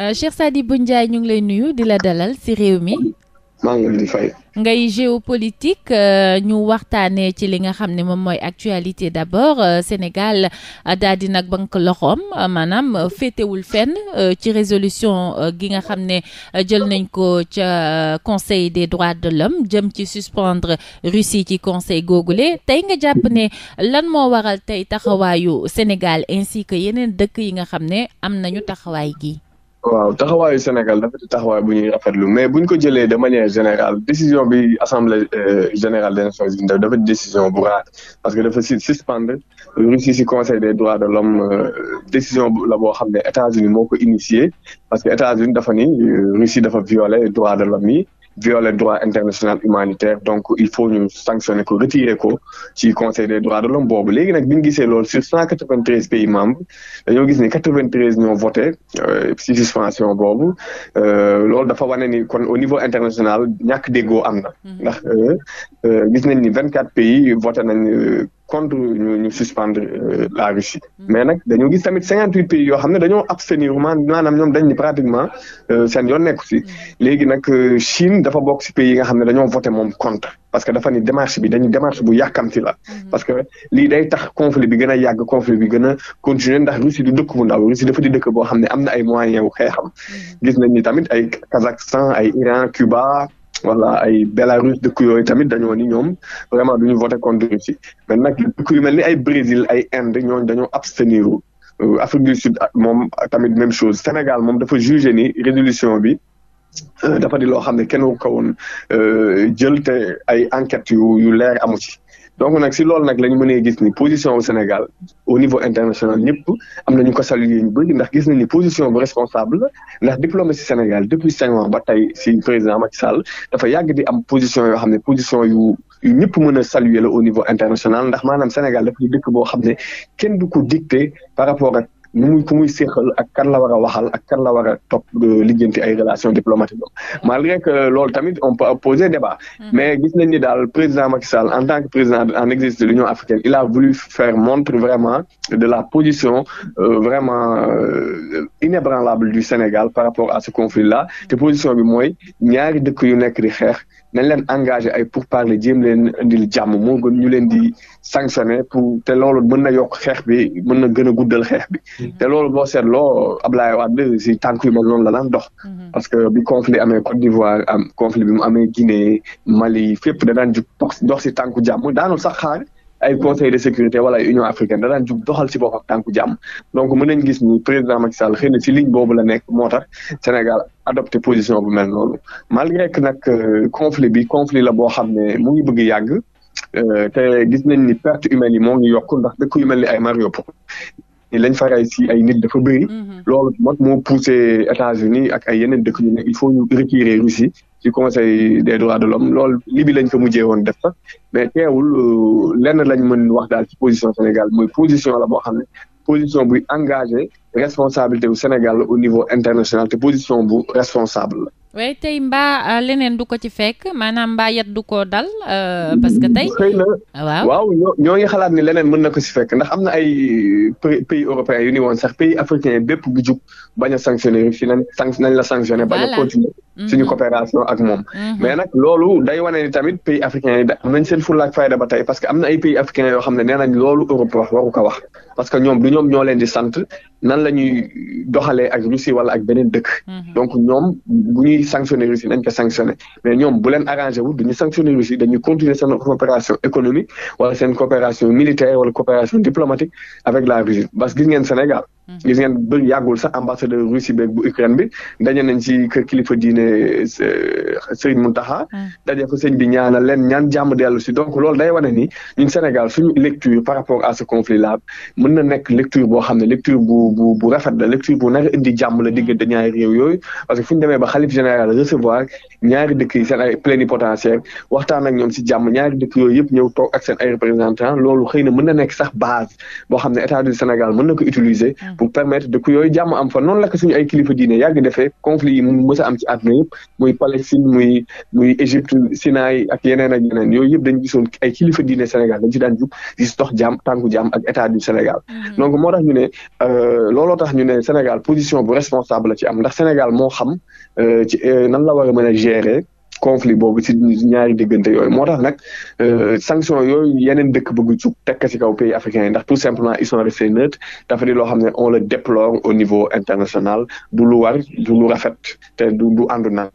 Euh, Cheikh Sadibou Ndiaye ñu ngi lay nuyu di la dalal ci réew mi. maa ngi di fay. ngay géopolitique euh, ñu waxtaanee ci li nga xam ne moom mooy actualité d'abord euh, Sénégal daal di nag banque loxoom maanaam féetewul fenn ci résolution gi nga xam ne jël nañ ko ca conseil des droits de l'homme jëm ci suspendre Russie ci conseil googule tey nga jàpp ne lan moo waral tey taxawaayu Sénégal ainsi que yeneen dëkk yi nga xam ne am nañu taxawaay gi. waaw taxawaayu Sénégal dafa di taxawaay bu ñuy rafetlu mais bu ko jëlee de manière générale décision bi assemblée euh, générale des nations unies dafa di décision bu raar parce que dafa si suspendre Russie si conseil des droits de l'homme euh, décision la boo xam ne États-Unis moo ko initié parce que États-Unis dafa ni euh, Russie dafa violer droits de l'homme yi viole droit international humanitaire donc il faut ñu sanctionner ko retirer ko ci conseil des droits de l'homme boobu léegi nag bi ñu gisee loolu sur cent quatre vingt treize pays membres dañoo gis ni quatre vingt treize ñoo voté euh, ci suspension boobu euh, loolu dafa wane ni kon au niveau international ñàkk déggoo am na mm-hmm. ndax euh, gis nañ ni vingt quatre pays voté nañ contre ñu ñu euh, la Russie. Mm. mais nag dañoo gis tamit cinquante huit pays yoo xam ne dañoo abstenir maanaam ñoom dañ ni pratiquement euh, seen yoon nekku si mm. léegi nag euh, Chine dafa bokk si pays yi nga xam ne dañoo voté moom contre parce que dafa ni démarche bi dañu démarche bu yàkkamti la. Mm-hmm. parce que lii day tax conflit bi gën a yàgg conflit bi gën a continuer ndax Russie du dëkk bu ndaw Russie dafa di dëkk boo xam ne am na ay moyens yu xeexam mm-hmm. gis nañ tamit a Kazakhstan ay Iran wala ay Bélarus dëkk yooyu tamit dañoo ni ñoom vraiment du ñu voté contre Russie mais nag dëkk yu mel ni ay Brésil ay Inde ñooñu dañoo abstenir euh, Afrique du Sud moom tamit même chose Sénégal moom dafa jugé ni résolution bi euh, dafa di loo xam ne kenn ko woon euh, jël ay enquêtes yu yu leer amu ci. donc nag si loolu nag la ñu mënee gis ni position bu Sénégal au niveau international ñëpp am na ñu ko salué ñu ndax gis nañ ni position bu responsable la ndax si Sénégal depuis cinq ans ba tey si président Macky Sall dafa yàgg di am position yoo xam ne position yu ñëpp mën a saluer la au niveau international ndax maanaam Sénégal dafa dëkk boo xam ne kenn du ko dicté par rapport ak mu muy ku muy ak kan la war a waxal ak kan la war a topp euh, lijjanti ay relations diplomatiques am malgré que loolu tamit on peut poser débat mm-hmm. mais gis nañ ni daal président Macky Sall en tan que président en exercice de l'Union africaine il a voulu faire montre vraiment de la position euh, vraiment euh, inébranlable du Sénégal par rapport à ce conflit là te position bi mooy ñaari dëkk yu nekk di xeex nañ leen engagé ay pourparlers jéem leen indil jàmm moo gën ñu leen di sanctionné pour te loolu mën na yokk xeex bi mën na gën a guddal xeex bi. Mm-hmm. te loolu boo seetloo Ablaye Wade si tànk yu mag noonu la daan dox. Mm-hmm. parce que bi conflit amee Côte d'Ivoire am conflit bi mu amee Mali fépp da daan dox si tànku jàmm daanul sax xaar. ay conseil de sécurité wala ay union africaine da daan jug doxal si bopp ak tànku jàmm donc mën nañ gis ni président Macky Sall xëy na si ligne boobu la nekk moo tax Sénégal adopté position bu mel noonu malgré que nag euh, conflit bi conflit la boo xam ne moo ngi bëgg yàgg euh, te gis nañ ni perte humaine yi moo ngi yokk ndax dëkk yu mel ni ay mario Mariupol lañ fa rey si ay nit dafa bëri mm-hmm. loolu moo poussé États-Unis ak ay yeneen dëkk yu ne il faut ñu retirer russi ci conseil des droits de l'homme loolu li bi lañ ko mujjee woon def sax mais teewul euh, lenn lañ mën wax daal ci position Sénégal mooy position la boo xam ne position buy engagé responsabilité bu Sénégal au niveau international te position bu responsable la way tey mbaa euh, leneen du ko ci fekk maanaam mbaa yet du ko dal euh, parce que tey. xëy na waaw ñoo ngi xalaat ni leneen mën na ko ci fekk ndax am na ay pays européen yu ni woon sax pays africain bépp bu jug bañ a sanctionné fii nañ nañ la sanctionné. bañ a continuer mhm. ñu coopération ak moom. Mhm. mais nag loolu day wane ni tamit pays africain yi da am nañ seen fulla ak fayda ba parce que am na ay pays africain yoo xam ne nee nañ loolu Europe wax waru wax parce que ñoom du ñoom ñoo leen di sant nan la ñuy doxalee ak Russie wala ak beneen dëkk. Mhm. donc ñoom bu ñuy sanctionné Russie nañ ko sanctionné mais ñoom bu leen arrangé wu du ñu sanctionné Russie dañuy continuer seen coopération économique wala seen coopération militaire wala coopération diplomatique avec la Russie parce que gis ngeen Sénégal. Mhm. gis ngeen bëri yàggul sax ambassadeur Russie beeg bu Ukraine bi daje nañ ci kër kilifa diine euh, Serigne taxa mhm. daje fa sëñ bi ñaanal leen ñaan jàmm dellu si donc loolu day wane ni ñun Sénégal suñu lecture par rapport à ce conflit là mën na nekk lecture boo xam ne lecture bu bu bu rafet la lecture bu nar indi jàmm la diggante ñaari réew yooyu parce que fu demee ba xalif général recevoir ñaari dëkk yi seen ay waxtaan ak ñoom si jàmm ñaari dëkk yooyu yëpp ñëw toog ak seen ay représentants xëy na mën na nekk sax base boo xam ne état du Sénégal mën na ko utiliser. Mhm. pour permettre dëkk yooyu jàmm am fa noonu la ko ay kilifa diine yàgg defee conflit mu mës a am ci àdduna yëpp muy Palestine muy muy Égypte Sinaï ak yeneen ak yeneen yooyu yëpp dañu gisoon ay kilifa diine Sénégal dañ ci daan jub di dox jàmm ak état du Sénégal. Mhm. donc moo tax ñu ne euh, looloo tax ñu Sénégal position bu responsable la ci am ndax Sénégal moo xam euh, ci euh, nan la war a mën conflit boobu ci ñaari diggante yooyu moo tax nag euh, sanction yooyu yeneen dëkk bëgg jug tekk ci kaw pays africains yi ndax tout simplement ils sont restés neutres dafa di loo xam ne on le déplore au niveau international du lu war du lu rafet te du du àndu na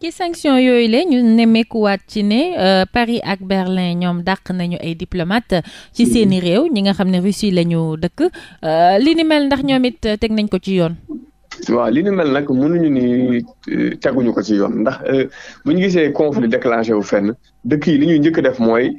ci sanction yooyu le ñu nemmeekuwaat ci ne euh, Paris ak Berlin ñoom dàq nañu ay diplomate ci mm-hmm. seeni réew ñi nga xam ne Russie la ñu dëkk euh, li ni mal ndax ñoom it teg nañ ko ci yoon waaw li ni mel nag mënuñu ni euh, teguñu ko ci yoon ndax euh, bu ñu gisee conflit déclenché wu fenn dëkk yi li ñuy njëkk def mooy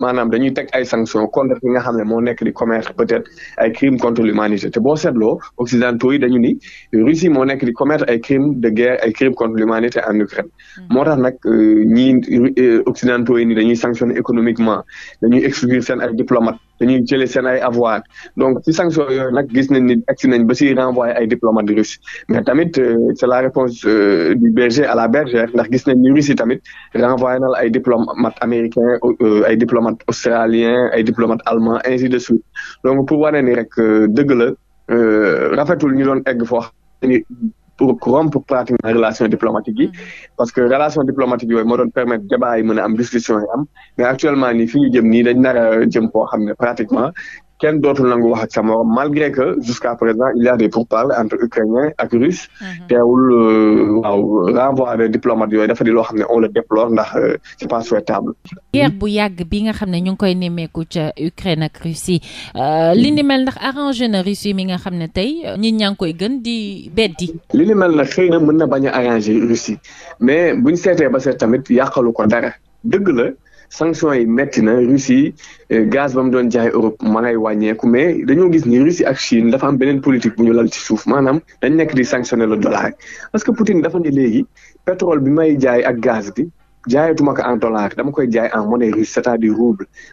maanaam dañuy teg ay sanctions contre ki nga xam ne moo nekk ni commettre peut-être ay crimes contre l'humanité te boo seetloo occidentaux yi dañu ni Russie moo nekk di commettre ay crimes de guerre ay crimes contre l'humanité en Ukraine hmm. moo tax nag euh, ñii occidentaux yi ni dañuy sanctionner économiquement dañuy exclure seen ay diplomates dañuy jëlee seen ay avoir donc ci sanction yooyu nag gis nañ ni agsi nañ ba si renvoyé ay diplomate russe mais tamit euh, c' est la réponse euh, du berger à la bergère ndax gis nañ ni Russie tamit renvoyé na la ay diplomate américain euh, ay diplomate australien ay diplomate allemand ainsi de suite donc pour wane ni rek dëgg la rafetul ñu doon egg foo pour rompre pratiquement relation diplomatique yi mm-hmm. parce que relation diplomatique yooyu moo doon permettre a am discussion yi am mais actuellement nii fi ñu jëm nii dañ nar a jëm xam ne pratiquement kenn dootul nangu wax ak sa morom malgré que jusqu'à présent il y a des pourparlers entre ukrainiens ak russes mhm. teewul euh, waaw renvoi des diplomates yooyu dafa loo xam ne on le déplore ndax euh, c'est pas souhaitable guerre bu yàgg bi nga xam ne ñu ngi koy nemmeeku ca Ukraine ak Russie euh, li ni mel ndax arrangé na Russie mi nga xam ne tey nit ñaa ngi koy gën di beddi li ni na nag xëy na mën na bañ a arrangé Russie mais buñ seetee ba seet tamit yàqalu ko dara dëgg la sanction yi métti na Russie eh, gaz ba mu doon jaay Europe ma ngay wàññeeku mais dañoo gis ni Russie ak Chine dafa am beneen politique bu ñu lal ci suuf maanaam dañ nekk di sanctionner le dollar parce que Poutine dafa ne léegi pétrole bi may jaay ak gaz bi jaayatuma ko en dollar dama koy jaay en monnaie russe cest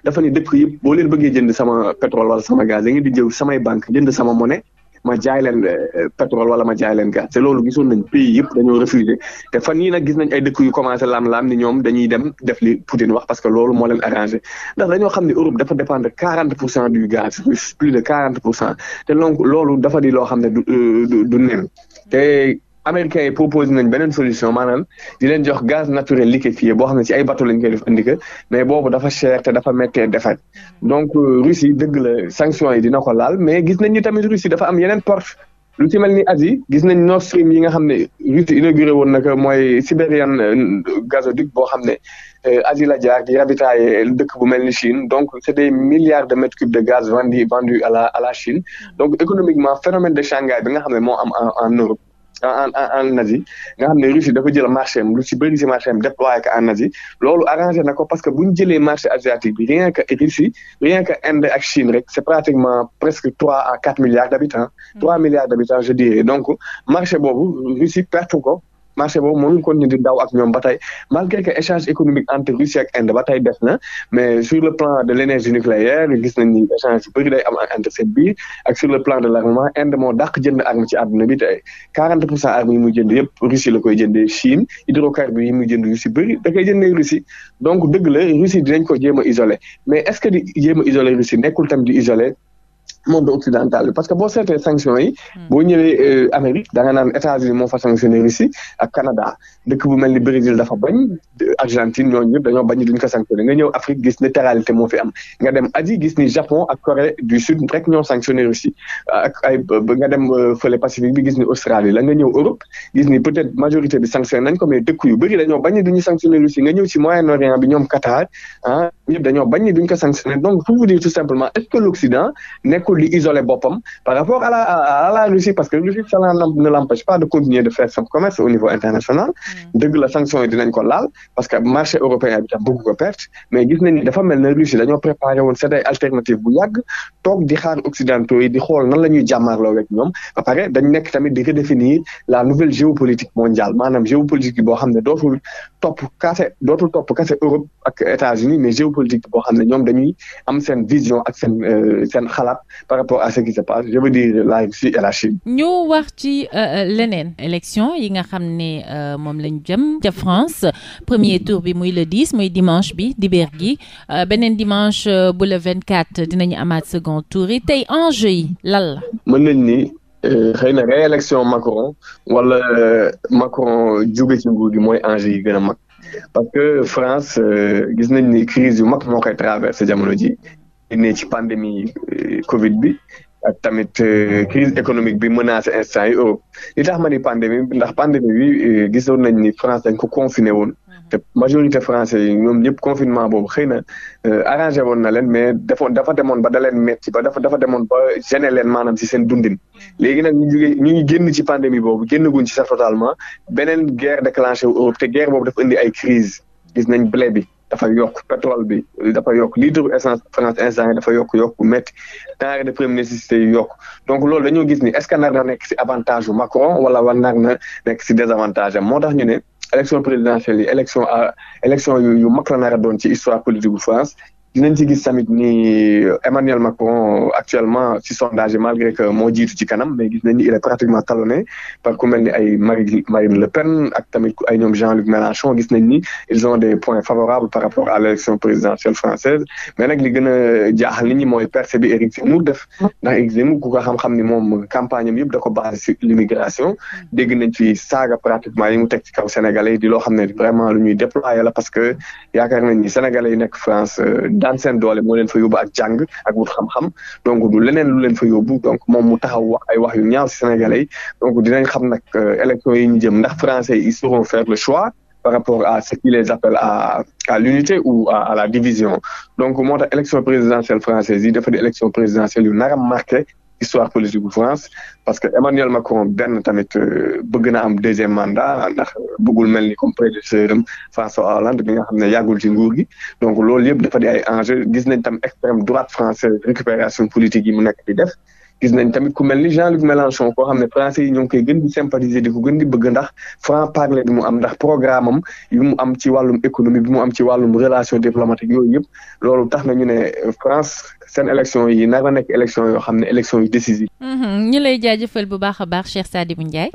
dafa ne dëkk yëpp boo leen bëggee jënd sama pétrole wala sama gaz da ngeen di jëw samay banque jënd sama monnaie ma jaay leen euh, pétrole wala ma jaay leen gaz te loolu gisoon nañ pays yëpp dañoo refusé te fan yii nag gis nañ ay dëkk yu commencé laam-laam ni ñoom dañuy dem def li Poutine wax parce que loolu moo leen arrangé ndax dañoo xam ne Europe dafa dépendre quarante pour cent du gaz plus de quarante pour cent te loolu dafa di loo xam ne du euh, du du nen te américains yi proposé nañ beneen solution maanaam di leen jox gaz naturel liquéfié boo xam ne ci ay bateau lañ koy def indi ko mais boobu dafa cher te dafa méttee defar mm-hmm. donc euh, Russie dëgg la sanction yi dina ko laal mais gis nañ ni tamit Russie dafa am yeneen porte lu ci mel ni Asie gis nañ Nord Stream yi nga xam ne Russie inauguré woon naka mooy Siberian euh, gazoduc boo xam ne euh, Asie a jaar di ravitailler dëkk bu mel ni Chine donc c'est des milliards de mètres cubes gaz vendus vendus à la à la Chine mm-hmm. donc économiquement phénomène bi nga xam ne moo am en en Europe en en Asie nga xam ne Russie dafa marché am lu ci bëri ci marché am déployé ko en Asie loolu arrangé na ko parce que bu ñu jëlee marché asiatique bi rien que Russie rien que Inde ak Chine rek c'est pratiquement presque trois à quatre milliards d'habitants hmm. trois milliards d'habitants je donc marché boobu Russie perte ko marché boobu moo ngi continuer di daw ak ñoom ba tey malgré que échange économique entre Russie ak Inde ba tey def na mais sur le plan de l' nucléaire gis nañ ni échange yu bëri day am ak entre seen biir ak sur le plan de l' Inde moo dàq jënd arme ci àdduna bi tey 40 pour cent arme yi muy jënd yëpp Russie la koy jënde Chine hydrocarbures yi muy jënd yu si bëri da koy jëndee Russie donc dëgg la Russie dinañ ko jéem a mais est ce que di jéem a isolé Russie nekkul tam di isolé monde occidental bi parce que boo seetee sanctions yi. Hmm. boo ñëwee euh, Amérique da nga naan États-Unis moo fa sanctionné Russie ak Canada dëkk bu mel ni Brésil dafa bañ Argentine ñooñu dañoo bañ duñ ko sanctionné nga ñëw Afrique gis ni téralité moo fi nga dem Asie gis ni Japon ak Corée du Sud rek ñoo sanctionné Russie ak ay nga dem euh, fële Pacifique bi la nga ñëw Europe gis ni peut-être majorité bi nañ ko mais dëkk yu bëri dañoo bañ duñu sanctionné Russie nga ñëw ci Moyen-Orient bi ñoom Qatar ah ñëpp bañ duñ ko sanctionné donc pour vous dire tout simplement est-ce que l'Occident nekk beaucoup li isolé boppam par rapport à la à parce que Russie ça ne pas de continuer de faire son commerce au niveau international. Mm. dëgg la sanction yi ko laal parce que marché européen bi tam ko perte mais gis nañ ni dafa mel ne dañoo préparé woon c'est alternative bu yàgg toog di xaar occidentaux yi di xool nan la ñuy jàmmaarloo ñoom ba dañ nekk tamit di redéfinir la nouvelle géopolitique mondiale maanaam géopolitique bi xam ne dootul par rapport à ce qui se passe je veux dire la Russie et la Chine. ñu wax ci euh, leneen élection yi nga xam ne euh, moom lañ jëm ca France premier tour bi muy le 10 muy dimanche bi dibéer gi euh, beneen dimanche bu le quatre dinañu amaat second tour yi tey enjeu yi lan la. mën nañ ni xëy na réélection Macron wala Macron jóge ci nguur gi mooy enjeu yi gën a mag parce que France gis nañ ni crise yu mag moo koy traversé jamono ji génnee ci pandémie euh, Covid bi ak tamit euh, crise économique bi menacé instant yi Europe li tax ma ni pandémie ndax pandémie bi euh, gisoon nañ ni France dañ ko confiné woon. Mm-hmm. te majorité français yi ñoom ñëpp confinement boobu xëy na arrangé woon na leen mais dafa dafa demoon ba da leen metti ba dafa dafa demoon ba leen maanaam si seen dundin mm-hmm. léegi nag ñu jógee ñu ngi génn ci pandémie boobu génn guñ ci sax totalement beneen guerre déclenché wu Europe te guerre boobu dafa indi ay crise gis nañ blé bi dafa yokk pétrole bi dafa yokk litre bu essence France instant yi dafa yokk yokk métti denrées de première nécessité yi yokk donc loolu dañoo gis ni est ce que nar nekk si avantage bu Macron wala war nar na nekk si désavantage am moo tax ñu ne élection présidentielle yi élection à élection yu mag la nar doon ci histoire politique bu France dinañ ci gis tamit ni euh, Emmanuel Macron euh, actuellement ci sondage malgré que moo jiitu ci kanam mais gis nañ ni il est pratiquement talonné par ku mel ni ay Marie Marine Le Pen ak tamit ay ñoom Jean-Luc Mélenchon gis nañ ni ils ont des points favorables par rapport à l'élection présidentielle française mais nag li gën jaaxal nit ñi mooy percée bi Éric Zemmour def ndax Éric ku ko xam-xam ni moom campagne am yëpp da ko basé sur l'immigration dégg nañ fi saaga pratiquement ci kaw Sénégalais di loo xam ne vraiment lu ñuy que yaakaar nañ ni yi nekk euh, daan seen doole moo leen fa yóbbu ak jàng ak wut xam-xam donc du leneen lu leen fa yóbbu donc moom mu taxaw wax ay wax yu ñaaw si sénégalais yi donc dinañ xam na euh, élection yi ñu jëm ndax français yi ils sauront faire le choix par rapport à ce qu'ils les appellent a à l'unité ou à, la division donc moo tax élection présidentielle française yi dafa di élection présidentielle yu nar a histoire politique bu France parce que Emmanuel Macron benn tamit euh, bëgg na am deuxième mandat ndax bëggul mel ni comme prédécesseur am François Hollande bi nga xam ne yàggul ci nguur gi donc loolu yëpp dafa di ay enjeu gis nañ tam extrême droite française récupération politique yi mu nekk di def gis nañ tamit ku mel ni Jean-Luc Mélenchon koo xam ne français yi ñoo koy gën di sympathiser di ko gën di bëgg ndax franc parler bi mu am ndax programme am mu am ci wàllum économie bi mu am ci wàllum relation diplomatique yooyu yëpp loolu tax na ne France seen élection yi nar a nekk élection yoo xam ne élection yu décisive. Mhm, ñu lay jaajëfal bu baax a baax Cheikh Sadibou Ndiaye.